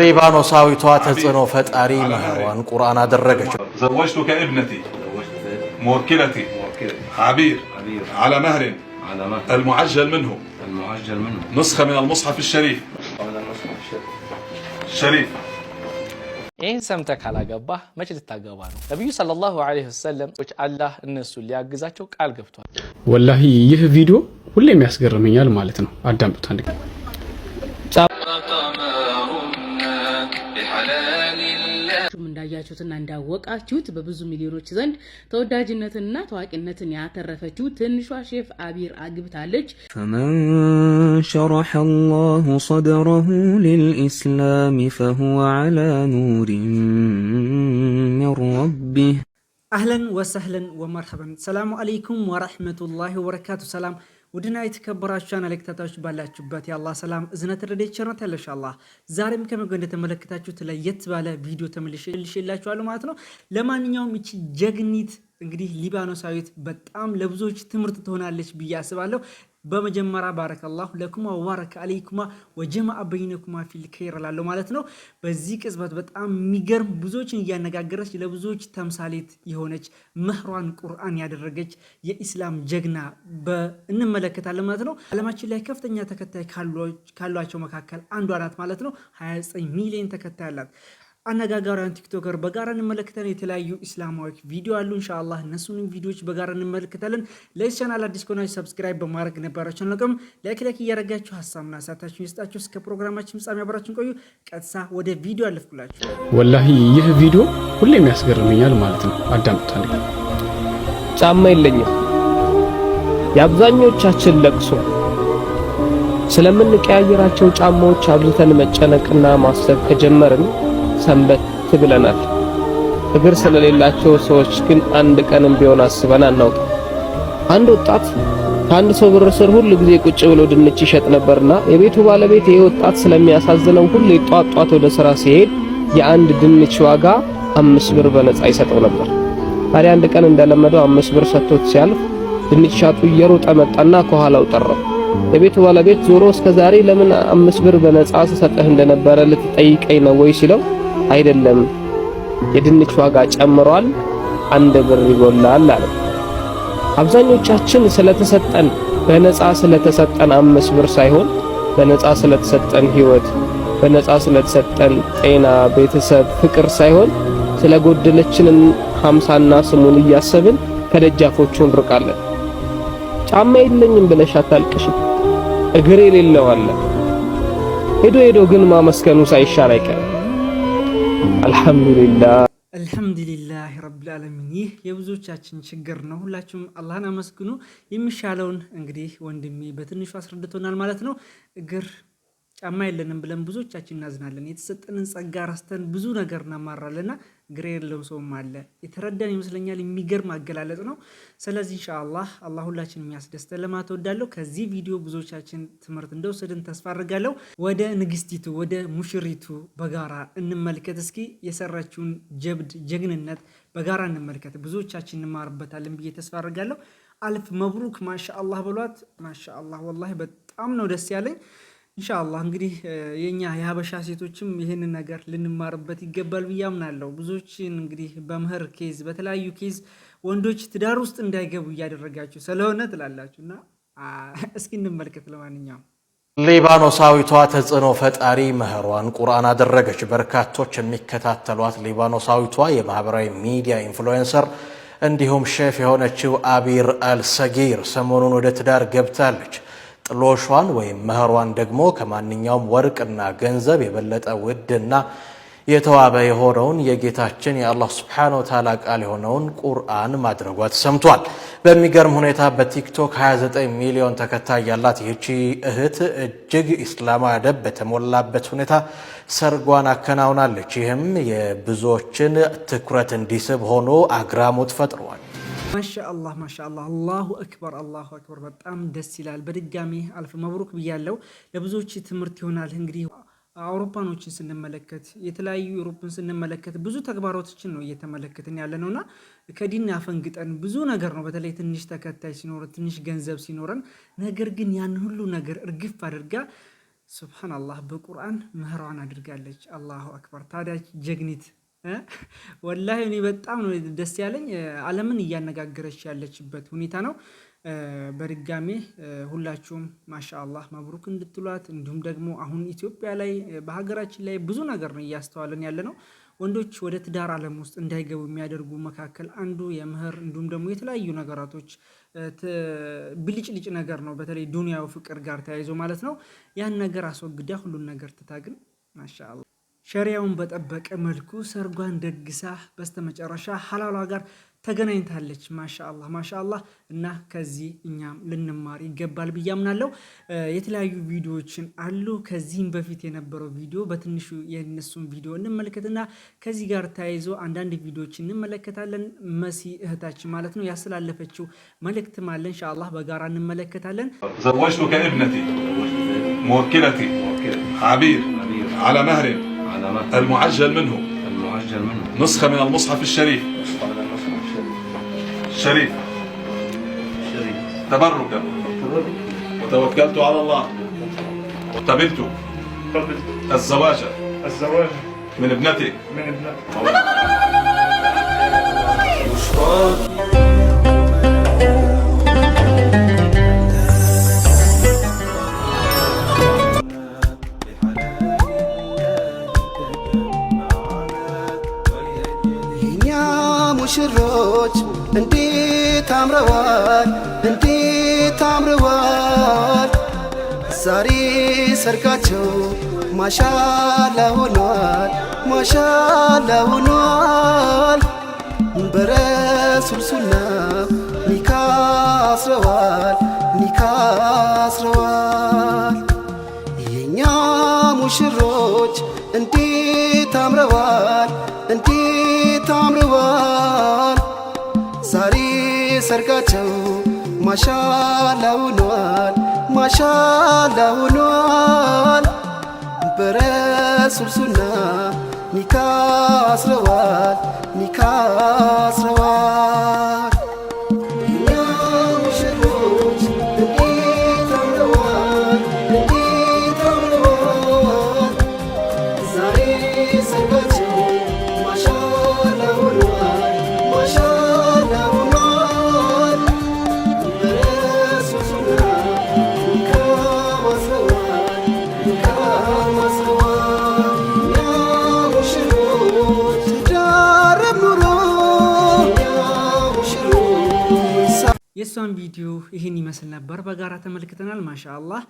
ሊባኖሳዊቷ ተጽዕኖ ፈጣሪ ምህዋን ቁርአን አደረገች። ዘወጅቱከ እብነቲ ሙወኪለቲ ዓቢር ዓላ መህርን አልሙዓጀል ምንሁ ንስኸ ሚነል ሙስሐፍ ሸሪፍ ሸሪፍ ይህን ሰምተህ ካላገባህ መች ልታገባ ነው? ነቢዩ ሰለላሁ ዐለይሂ ወሰለም አላህ እነሱን ሊያግዛቸው ቃል ገብቷል። ወላሂ ይህ ቪዲዮ ሁሌም ያስገርመኛል ማለት ነው። አዳምጡት አንድ እንዳያችሁትና እንዳወቃችሁት በብዙ ሚሊዮኖች ዘንድ ተወዳጅነትንና ታዋቂነትን ያተረፈችው ትንሿ ሼፍ አቢር አግብታለች። ፈመን ሸረሐ አላሁ ሰድረሁ ሊልኢስላም ፈሁወ ዐላ ኑሪን ሚን ረቢህ። አህለን ወሰህለን ወመርሐበን። ሰላሙ አለይኩም ወረሕመቱላሂ ወበረካቱ። ሰላም ውድና የተከበራችሁ ቻናል ባላችሁበት የአላህ ሰላም እዝነት ረድኤት ቸርነት ያለሽ አላህ ዛሬም ከመገ እንደተመለከታችሁት ለየት ባለ ቪዲዮ ተመልሼላችኋለሁ ማለት ነው። ለማንኛውም ይቺ ጀግኒት እንግዲህ ሊባኖሳዊት በጣም ለብዙዎች ትምህርት ትሆናለች ብዬ አስባለሁ። በመጀመሪያ ባረከላሁ ለኩማ ወባረከ አለይኩማ ወጀማአ በይነኩማ ፊል ኸይር ላለው ማለት ነው። በዚህ ቅጽበት በጣም የሚገርም ብዙዎችን እያነጋገረች ለብዙዎች ተምሳሌት የሆነች መህሯን ቁርአን ያደረገች የኢስላም ጀግና እንመለከታለን ማለት ነው። ዓለማችን ላይ ከፍተኛ ተከታይ ካሏቸው መካከል አንዷ ናት ማለት ነው። 29 ሚሊዮን ተከታይ አላት። አነጋጋሪያን ቲክቶከር በጋራ እንመለከታለን። የተለያዩ ኢስላማዊ ቪዲዮ አሉ። እንሻላ እነሱንም ቪዲዮዎች በጋራ እንመለከታለን። ለዚህ ቻናል አዲስ ከሆናችሁ ሰብስክራይብ በማድረግ ነባራችሁን ለቅም ላይክ ላይክ እያደረጋችሁ ሀሳብና ሳታችሁን ይስጣችሁ። እስከ ፕሮግራማችን ፍጻሜ አብራችሁን ቆዩ። ቀጥሳ ወደ ቪዲዮ አለፍኩላችሁ። ወላሂ ይህ ቪዲዮ ሁሌም ያስገርመኛል ማለት ነው። አዳምጡታል። ጫማ የለኝም የአብዛኞቻችን ለቅሶ ስለምንቀያየራቸው ጫማዎች አብዝተን መጨነቅና ማሰብ ከጀመርን ሰንበት ትብለናል። እግር ስለሌላቸው ሰዎች ግን አንድ ቀንም ቢሆን አስበን አናውቅም። አንድ ወጣት ከአንድ ሰው ብር ስር ሁል ጊዜ ቁጭ ብሎ ድንች ይሸጥ ነበርና የቤቱ ባለቤት ይህ ወጣት ስለሚያሳዝነው ሁሌ ጧት ጧት ወደ ስራ ሲሄድ የአንድ ድንች ዋጋ አምስት ብር በነጻ ይሰጠው ነበር። ታዲያ አንድ ቀን እንደለመደው አምስት ብር ሰጥቶት ሲያልፍ ድንች ሻጡ እየሮጠ መጣና ከኋላው ጠራው። የቤቱ ባለቤት ዞሮ እስከ ዛሬ ለምን አምስት ብር በነጻ ሰጠህ እንደነበረ ልትጠይቀኝ ነው ወይ ሲለው አይደለም የድንች ዋጋ ጨምሯል፣ አንድ ብር ይጎላል አለ። አብዛኞቻችን ስለተሰጠን በነፃ ስለተሰጠን አምስት ብር ሳይሆን በነፃ ስለተሰጠን ህይወት፣ በነፃ ስለተሰጠን ጤና፣ ቤተሰብ፣ ፍቅር ሳይሆን ስለጎደለችን ሀምሳና ስሙን እያሰብን ከደጃፎቹ እንርቃለን። ጫማ የለኝም ብለሽ አታልቅሽ። እግር የሌለው አለ ሄዶ ሄዶ ግን ማመስገኑ ሳይሻል አይቀርም። አልሐምዱሊላህ አልሐምዱሊላህ ረብል ዓለሚን። ይህ የብዙዎቻችን ችግር ነው። ሁላችሁም አላህን አመስግኑ። የሚሻለውን እንግዲህ ወንድሜ በትንሹ አስረድቶናል ማለት ነው እግር ጫማ የለንም ብለን ብዙዎቻችን እናዝናለን። የተሰጠንን ጸጋ ራስተን ብዙ ነገር እናማራለና ግሬ የለው ሰውም አለ። የተረዳን ይመስለኛል። የሚገርም አገላለጽ ነው። ስለዚህ ኢንሻአላህ አላህ ሁላችን የሚያስደስተን ለማት እወዳለሁ። ከዚህ ቪዲዮ ብዙዎቻችን ትምህርት እንደወሰድን ተስፋ አድርጋለሁ። ወደ ንግስቲቱ ወደ ሙሽሪቱ በጋራ እንመልከት እስኪ የሰራችውን ጀብድ፣ ጀግንነት በጋራ እንመልከት። ብዙዎቻችን እንማርበታለን ብዬ ተስፋ አድርጋለሁ። አልፍ መብሩክ ማሻአላህ በሏት። ማሻአላህ ወላሂ በጣም ነው ደስ ያለኝ። ኢንሻአላህ እንግዲህ የኛ የሀበሻ ሴቶችም ይህንን ነገር ልንማርበት ይገባል ብዬ አምናለሁ። ብዙዎችን እንግዲህ በምህር ኬዝ፣ በተለያዩ ኬዝ ወንዶች ትዳር ውስጥ እንዳይገቡ እያደረጋችሁ ስለሆነ ትላላችሁ እና እስኪ እንመልከት። ለማንኛውም ሊባኖሳዊቷ ተጽዕኖ ፈጣሪ መህሯን ቁርአን አደረገች። በርካቶች የሚከታተሏት ሊባኖሳዊቷ የማህበራዊ ሚዲያ ኢንፍሉዌንሰር እንዲሁም ሼፍ የሆነችው አቢር አልሰጊር ሰሞኑን ወደ ትዳር ገብታለች። ጥሎሿን ወይም መህሯን ደግሞ ከማንኛውም ወርቅና ገንዘብ የበለጠ ውድና የተዋበ የሆነውን የጌታችን የአላህ ስብሓነ ወተዓላ ቃል የሆነውን ቁርአን ማድረጓ ተሰምቷል። በሚገርም ሁኔታ በቲክቶክ 29 ሚሊዮን ተከታይ ያላት ይህቺ እህት እጅግ ኢስላማዊ አደብ በተሞላበት ሁኔታ ሰርጓን አከናውናለች። ይህም የብዙዎችን ትኩረት እንዲስብ ሆኖ አግራሞት ፈጥሯል። ማሻአላህ ማሻአላህ አላሁ አክበር አላሁ አክበር። በጣም ደስ ይላል። በድጋሚ አልፍ መብሩክ ብያለው። ለብዙዎች ትምህርት ይሆናል። እንግዲህ አውሮፓኖችን ስንመለከት የተለያዩ ዩሮፕን ስንመለከት ብዙ ተግባሮቶችን ነው እየተመለከትን ያለ ነውና ከዲን አፈንግጠን ብዙ ነገር ነው። በተለይ ትንሽ ተከታይ ሲኖረን ትንሽ ገንዘብ ሲኖረን፣ ነገር ግን ያን ሁሉ ነገር እርግፍ አድርጋ ስብሓን አላህ በቁርአን ምህሯን አድርጋለች። አላሁ አክበር። ታዲያ ጀግኒት ወላሂ እኔ በጣም ነው ደስ ያለኝ። ዓለምን እያነጋገረች ያለችበት ሁኔታ ነው። በድጋሜ ሁላችሁም ማሻአላህ መብሩክ እንድትሏት እንዲሁም ደግሞ አሁን ኢትዮጵያ ላይ በሀገራችን ላይ ብዙ ነገር ነው እያስተዋለን ያለ ነው። ወንዶች ወደ ትዳር ዓለም ውስጥ እንዳይገቡ የሚያደርጉ መካከል አንዱ የምህር እንዲሁም ደግሞ የተለያዩ ነገራቶች ብልጭልጭ ነገር ነው። በተለይ ዱንያው ፍቅር ጋር ተያይዞ ማለት ነው። ያን ነገር አስወግዳ ሁሉን ነገር ትታግን ግን ማሻአላህ ሸሪያውን በጠበቀ መልኩ ሰርጓን ደግሳ በስተመጨረሻ ሀላሏ ጋር ተገናኝታለች። ማሻአላህ ማሻአላህ። እና ከዚህ እኛም ልንማር ይገባል ብዬ አምናለሁ። የተለያዩ ቪዲዮዎችን አሉ። ከዚህም በፊት የነበረው ቪዲዮ በትንሹ የነሱን ቪዲዮ እንመለከትና ከዚህ ጋር ተያይዞ አንዳንድ ቪዲዮዎችን እንመለከታለን። መሲ እህታችን ማለት ነው ያስተላለፈችው መልእክትም አለ። ኢንሻአላህ በጋራ እንመለከታለን። ዘወጅቱ ከእብነቲ አቢር አለ መህሬን المعجل منه المعجل منه نسخة من المصحف الشريف نسخة الشريف تبركا وتوكلت على الله وقبلت قبلت الزواج الزواج من ابنتي من ابنتي ሰርጋቸው ማሻላ ሆኗል ማሻላ ሆኗል በረሱል ኒካ አስረዋል ኒካ አስረዋል የእኛ ሙሽሮች እንዴት አምረዋል እንዴት አምረዋል ዛሬ ሰርጋቸው ማሻላ ሆኗል ማሻላ ሆኗል ነበረ ሱርሱና ኒካ አስረዋል ኒካ አስረዋል የዛሬውን ቪዲዮ ይህን ይመስል ነበር። በጋራ ተመልክተናል። ማሻአላህ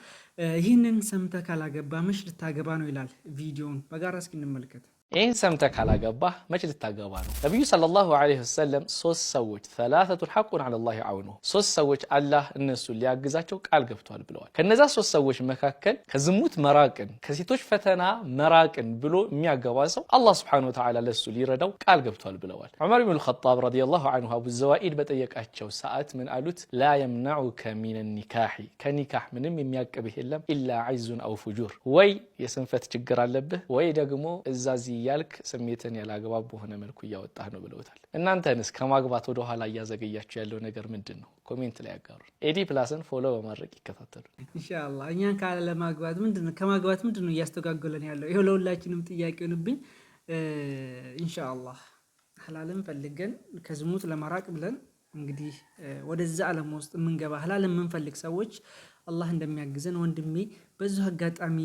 ይህንን ሰምተህ ካላገባ መች ልታገባ ነው ይላል። ቪዲዮውን በጋራ እስኪ እንመልከት። ይህን ሰምተ ካላገባ መች ልታገባ ነው? ነቢዩ ሰለላሁ ዐለይሂ ወሰለም ሶስት ሰዎች ሰላሰቱን ሐቁን ዐለላሂ አውኑ ሶስት ሰዎች አላህ እነሱን ሊያግዛቸው ቃል ገብቷል ብለዋል። ከነዛ ሶስት ሰዎች መካከል ከዝሙት መራቅን ከሴቶች ፈተና መራቅን ብሎ የሚያገባ ሰው አላህ ሱብሓነሁ ወተዓላ ለሱ ሊረዳው ቃል ገብቷል ብለዋል። ዑመር ብን ልኸጣብ ረዲየላሁ ዐንሁ አቡ ዘዋኢድ በጠየቃቸው ሰዓት ምን አሉት? ላ የምናዑከ ሚን ኒካሒ ከኒካህ ምንም የሚያቅብህ የለም ኢላ ዐጅዙን አው ፉጁር፣ ወይ የስንፈት ችግር አለብህ ወይ ደግሞ እዛዚ እያልክ ስሜትን ያላግባብ በሆነ መልኩ እያወጣህ ነው ብለውታል። እናንተንስ ከማግባት ወደ ኋላ እያዘገያችሁ ያለው ነገር ምንድን ነው? ኮሜንት ላይ ያጋሩ። ኤዲ ፕላስን ፎሎ በማድረግ ይከታተሉ። ኢንሻላህ እኛን ለማግባት ምንድነው ከማግባት ምንድነው እያስተጋገለን ያለው? ይኸው ለሁላችንም ጥያቄ ሆንብኝ። ኢንሻአላህ ህላልን ፈልገን ከዝሙት ለመራቅ ብለን እንግዲህ ወደዛ ዓለም ውስጥ የምንገባ ህላል የምንፈልግ ሰዎች አላህ እንደሚያግዘን ወንድሜ በዚሁ አጋጣሚ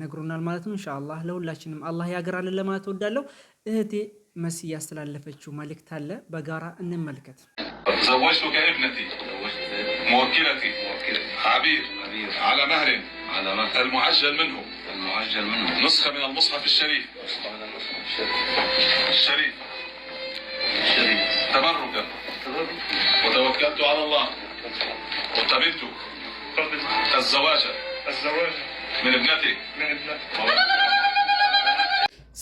ነግሮናል ማለት ነው። ኢንሻአላህ ለሁላችንም አላህ ያገራልን ለማለት እወዳለሁ። እህቴ መሲ ያስተላለፈችው መልእክት አለ፣ በጋራ እንመልከት። ዘወጅቱከ እብነቲ ሙወኪለቲ ዓቢር ዓላ መህሪን المعجل منه نسخة من المصحف الشريف الشريف تبركا وتوكلت على الله وارتبطت الزواج الزواج من ابنتي من ابنتي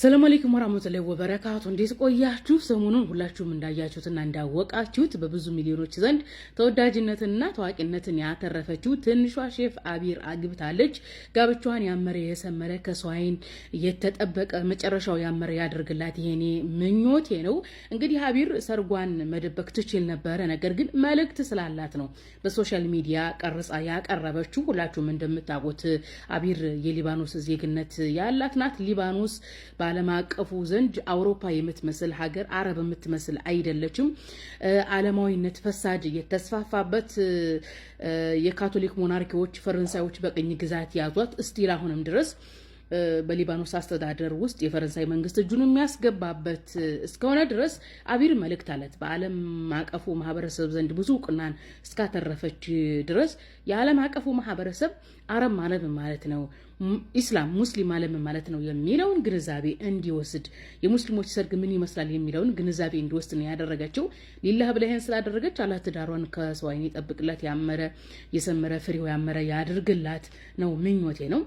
ሰላም አለይኩም ወራህመቱላሂ ወበረካቱ። እንዴት ቆያችሁ? ሰሞኑን ሁላችሁም እንዳያችሁትና እንዳወቃችሁት በብዙ ሚሊዮኖች ዘንድ ተወዳጅነትንና ታዋቂነትን ያተረፈችው ትንሿ ሼፍ አቢር አግብታለች። ጋብቻዋን ያመረ የሰመረ ከሰው የተጠበቀ መጨረሻው ያመረ ያደርግላት ይሄኔ ምኞቴ ነው። እንግዲህ አቢር ሰርጓን መደበቅ ትችል ነበረ፣ ነገር ግን መልእክት ስላላት ነው በሶሻል ሚዲያ ቀርጻ ያቀረበችው። ሁላችሁም እንደምታውቁት አቢር የሊባኖስ ዜግነት ያላት ናት። ሊባኖስ በዓለም አቀፉ ዘንድ አውሮፓ የምትመስል ሀገር አረብ የምትመስል አይደለችም። አለማዊነት ፈሳጅ የተስፋፋበት የካቶሊክ ሞናርኪዎች ፈረንሳዮች በቅኝ ግዛት ያዟት እስቲል አሁንም ድረስ በሊባኖስ አስተዳደር ውስጥ የፈረንሳይ መንግስት እጁን የሚያስገባበት እስከሆነ ድረስ አቢር መልእክት አለት በዓለም አቀፉ ማህበረሰብ ዘንድ ብዙ እውቅናን እስካተረፈች ድረስ የዓለም አቀፉ ማህበረሰብ አረብ ማለት ማለት ነው፣ ኢስላም ሙስሊም አለም ማለት ነው የሚለውን ግንዛቤ እንዲወስድ የሙስሊሞች ሰርግ ምን ይመስላል የሚለውን ግንዛቤ እንዲወስድ ነው ያደረገችው። ሊላህ ብላ ይህን ስላደረገች አላህ ትዳሯን ከሰው ዓይን ይጠብቅላት፣ ያመረ የሰመረ ፍሬው ያመረ ያድርግላት ነው ምኞቴ ነው።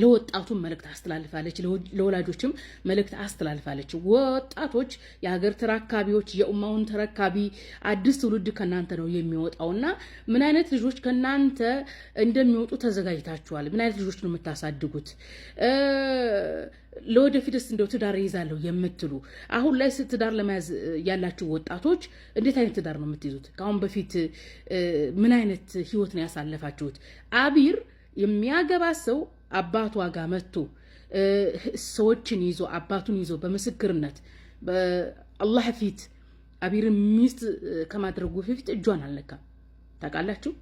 ለወጣቱም መልእክት አስተላልፋለች፣ ለወላጆችም መልእክት አስተላልፋለች። ወጣቶች የሀገር ተረካቢዎች፣ የኡማውን ተረካቢ አዲስ ትውልድ ከእናንተ ነው እና ምን አይነት ልጆች ከእናንተ እንደሚወጡ ተዘጋጅታችኋል? ምን አይነት ልጆች ነው የምታሳድጉት? ለወደፊትስ እንደው ትዳር ይዛለሁ የምትሉ አሁን ላይ ትዳር ለመያዝ ያላችሁ ወጣቶች እንዴት አይነት ትዳር ነው የምትይዙት? ከአሁን በፊት ምን አይነት ህይወት ነው ያሳለፋችሁት? አቢር የሚያገባ ሰው አባቷ ጋር መጥቶ ሰዎችን ይዞ አባቱን ይዞ በምስክርነት በአላህ ፊት አቢርን ሚስት ከማድረጉ በፊት እጇን አልነካም። ታውቃላችሁ።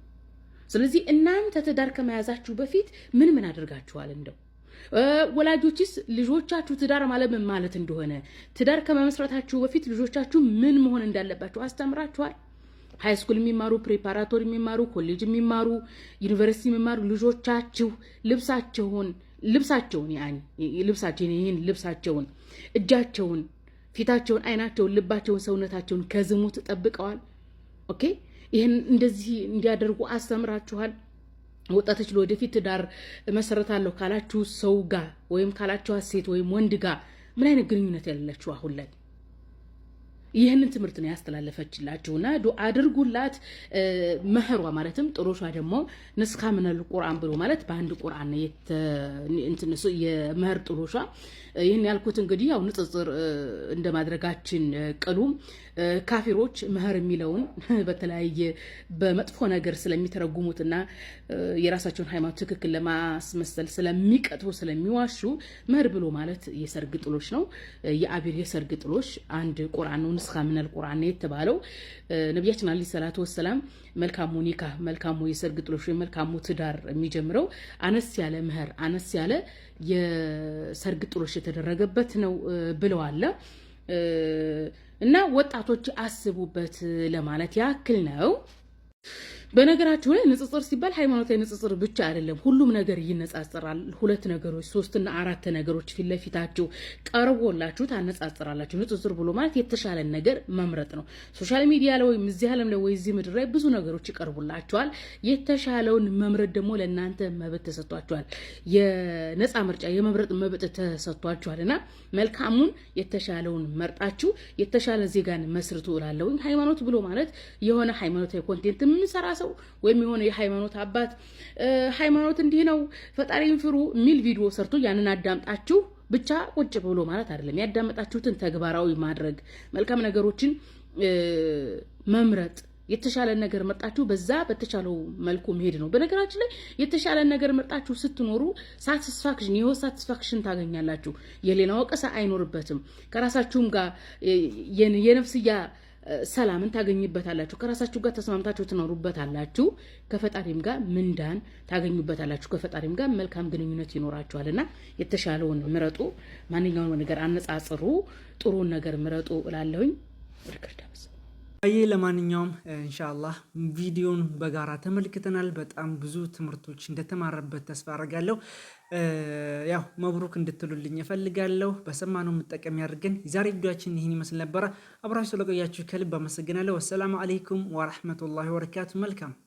ስለዚህ እናንተ ትዳር ከመያዛችሁ በፊት ምን ምን አድርጋችኋል? እንደው ወላጆችስ ልጆቻችሁ ትዳር ማለት ምን ማለት እንደሆነ ትዳር ከመመስረታችሁ በፊት ልጆቻችሁ ምን መሆን እንዳለባችሁ አስተምራችኋል? ሃይስኩል የሚማሩ ፕሪፓራቶሪ የሚማሩ ኮሌጅ የሚማሩ ዩኒቨርሲቲ የሚማሩ ልጆቻችሁ ልብሳቸውን ልብሳቸውን ልብሳቸውን ይህን ልብሳቸውን እጃቸውን ፊታቸውን አይናቸውን ልባቸውን ሰውነታቸውን ከዝሙት ጠብቀዋል። ኦኬ ይህን እንደዚህ እንዲያደርጉ አስተምራችኋል። ወጣቶች ለወደፊት ትዳር መሰረታለሁ ካላችሁ ሰው ጋር ወይም ካላችኋት ሴት ወይም ወንድ ጋር ምን አይነት ግንኙነት ያላችሁ አሁን ላይ ይህንን ትምህርት ነው ያስተላለፈችላችሁና ዱ አድርጉላት። መህሯ ማለትም ጥሩሿ ደግሞ ንስካ ምነል ቁርአን ብሎ ማለት በአንድ ቁርአን እንትንሱ የመህር ጥሩሿ። ይህን ያልኩት እንግዲህ ያው ንጽጽር እንደማድረጋችን ቅሉ ካፊሮች መህር የሚለውን በተለያየ በመጥፎ ነገር ስለሚተረጉሙትና የራሳቸውን ሃይማኖት ትክክል ለማስመሰል ስለሚቀጥፉ ስለሚዋሹ መህር ብሎ ማለት የሰርግ ጥሎች ነው። የአቢር የሰርግ ጥሎች አንድ ቁርአን ነው። ኑስኻ ሚነል ቁርአን ነው የተባለው። ነቢያችን አለይሂ ሰላቱ ወሰላም መልካሙ ኒካ፣ መልካሙ የሰርግ ጥሎሽ፣ መልካሙ ትዳር የሚጀምረው አነስ ያለ ምህር፣ አነስ ያለ የሰርግ ጥሎሽ የተደረገበት ነው ብለዋል። እና ወጣቶች አስቡበት ለማለት ያክል ነው። በነገራችሁ ላይ ንጽጽር ሲባል ሃይማኖታዊ ንጽጽር ብቻ አይደለም። ሁሉም ነገር ይነጻጽራል። ሁለት ነገሮች፣ ሶስትና አራት ነገሮች ፊት ለፊታችሁ ቀርቦላችሁ ታነጻጽራላችሁ። ንጽጽር ብሎ ማለት የተሻለን ነገር መምረጥ ነው። ሶሻል ሚዲያ ላይ ወይም እዚህ ዓለም ላይ ወይ እዚህ ምድር ላይ ብዙ ነገሮች ይቀርቡላችኋል። የተሻለውን መምረጥ ደግሞ ለእናንተ መብት ተሰጥቷችኋል። የነጻ ምርጫ የመምረጥ መብት ተሰጥቷችኋል እና መልካሙን የተሻለውን መርጣችሁ የተሻለ ዜጋን መስርቱ እላለሁኝ። ሃይማኖት ብሎ ማለት የሆነ ሃይማኖታዊ ኮንቴንት የምንሰራ ሰው ወይም የሆነ የሃይማኖት አባት ሃይማኖት እንዲህ ነው ፈጣሪን ፍሩ የሚል ቪዲዮ ሰርቶ ያንን አዳምጣችሁ ብቻ ቁጭ ብሎ ማለት አይደለም። ያዳመጣችሁትን ተግባራዊ ማድረግ፣ መልካም ነገሮችን መምረጥ የተሻለን ነገር መርጣችሁ በዛ በተሻለው መልኩ መሄድ ነው። በነገራችን ላይ የተሻለን ነገር መርጣችሁ ስትኖሩ ሳቲስፋክሽን የህይወት ሳቲስፋክሽን ታገኛላችሁ። የሌላ ወቀሳ አይኖርበትም። ከራሳችሁም ጋር የነፍስያ ሰላምን ታገኝበታላችሁ ከራሳችሁ ጋር ተስማምታችሁ ትኖሩበታላችሁ። ከፈጣሪም ጋር ምንዳን ታገኙበታላችሁ። ከፈጣሪም ጋር መልካም ግንኙነት ይኖራችኋል የተሻለውን ምረጡ። ማንኛውን ነገር አነጻጽሩ፣ ጥሩን ነገር ምረጡ እላለሁኝ። ይህ ለማንኛውም እንሻላህ ቪዲዮን በጋራ ተመልክተናል። በጣም ብዙ ትምህርቶች እንደተማረበት ተስፋ አደርጋለሁ። ያው መብሩክ እንድትሉልኝ እፈልጋለሁ። በሰማነው መጠቀም ያድርገን። የዛሬ ቪዲዮችን ይህን ይመስል ነበረ። አብራችሁ ስለቆያችሁ ከልብ አመሰግናለሁ። ወሰላሙ አሌይኩም ወረህመቱላሂ ወበረካቱ። መልካም